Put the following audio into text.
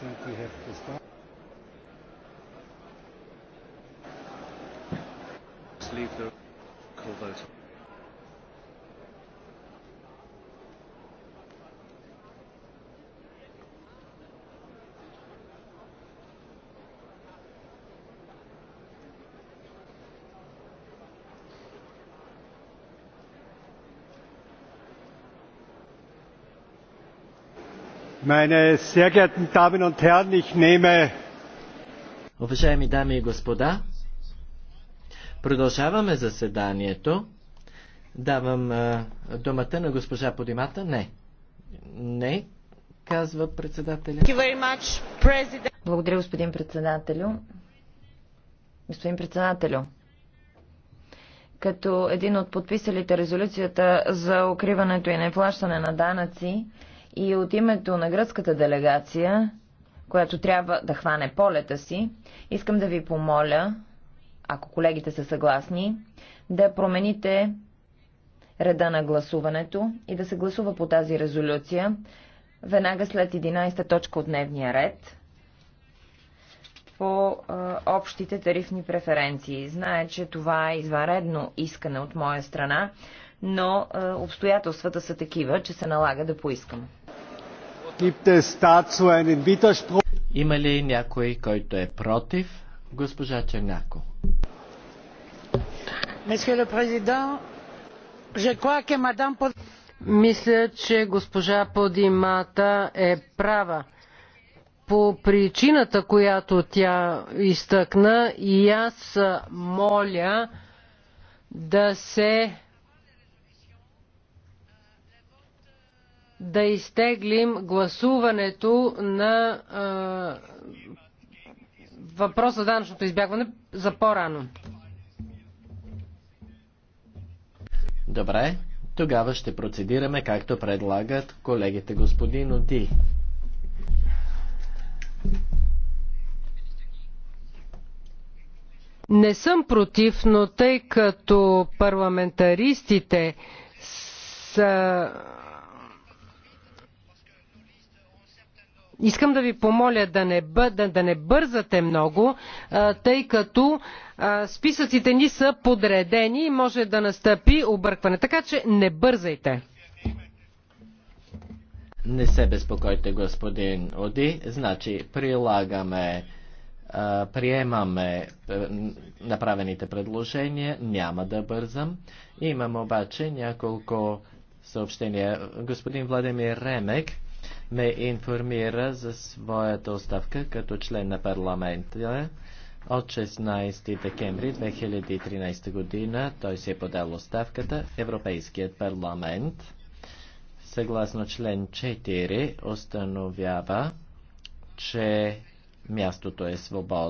think we have to start. Leave the call vote. Meine sehr geehrten Damen und Herren, ich nehme... Уважаеми дами и господа, продължаваме заседанието. Давам а, думата на госпожа Подимата. Не. Не, казва председателя. Благодаря, господин председателю. Господин председателю, като един от подписалите резолюцията за укриването и неплащане на данъци, и от името на гръцката делегация, която трябва да хване полета си, искам да ви помоля, ако колегите са съгласни, да промените реда на гласуването и да се гласува по тази резолюция веднага след 11-та точка от дневния ред по а, общите тарифни преференции. Знае, че това е извънредно искане от моя страна, но а, обстоятелствата са такива, че се налага да поискам. Има ли някой, който е против? Госпожа Чернако. Мисля, че госпожа Подимата е права. По причината, която тя изтъкна, и аз моля да се да изтеглим гласуването на а, въпроса за данъчното избягване за по-рано. Добре, тогава ще процедираме както предлагат колегите господин Оди. Не съм против, но тъй като парламентаристите са Искам да ви помоля да не, бъда, да не бързате много, тъй като списъците ни са подредени и може да настъпи объркване. Така че не бързайте. Не се безпокойте, господин Оди. Значи, прилагаме, приемаме е, направените предложения. Няма да бързам. Имам обаче няколко съобщения. Господин Владимир Ремек ме информира за своята оставка като член на парламента от 16 декември 2013 година. Той си е подал оставката. в Европейският парламент, съгласно член 4, установява, че мястото е свободно.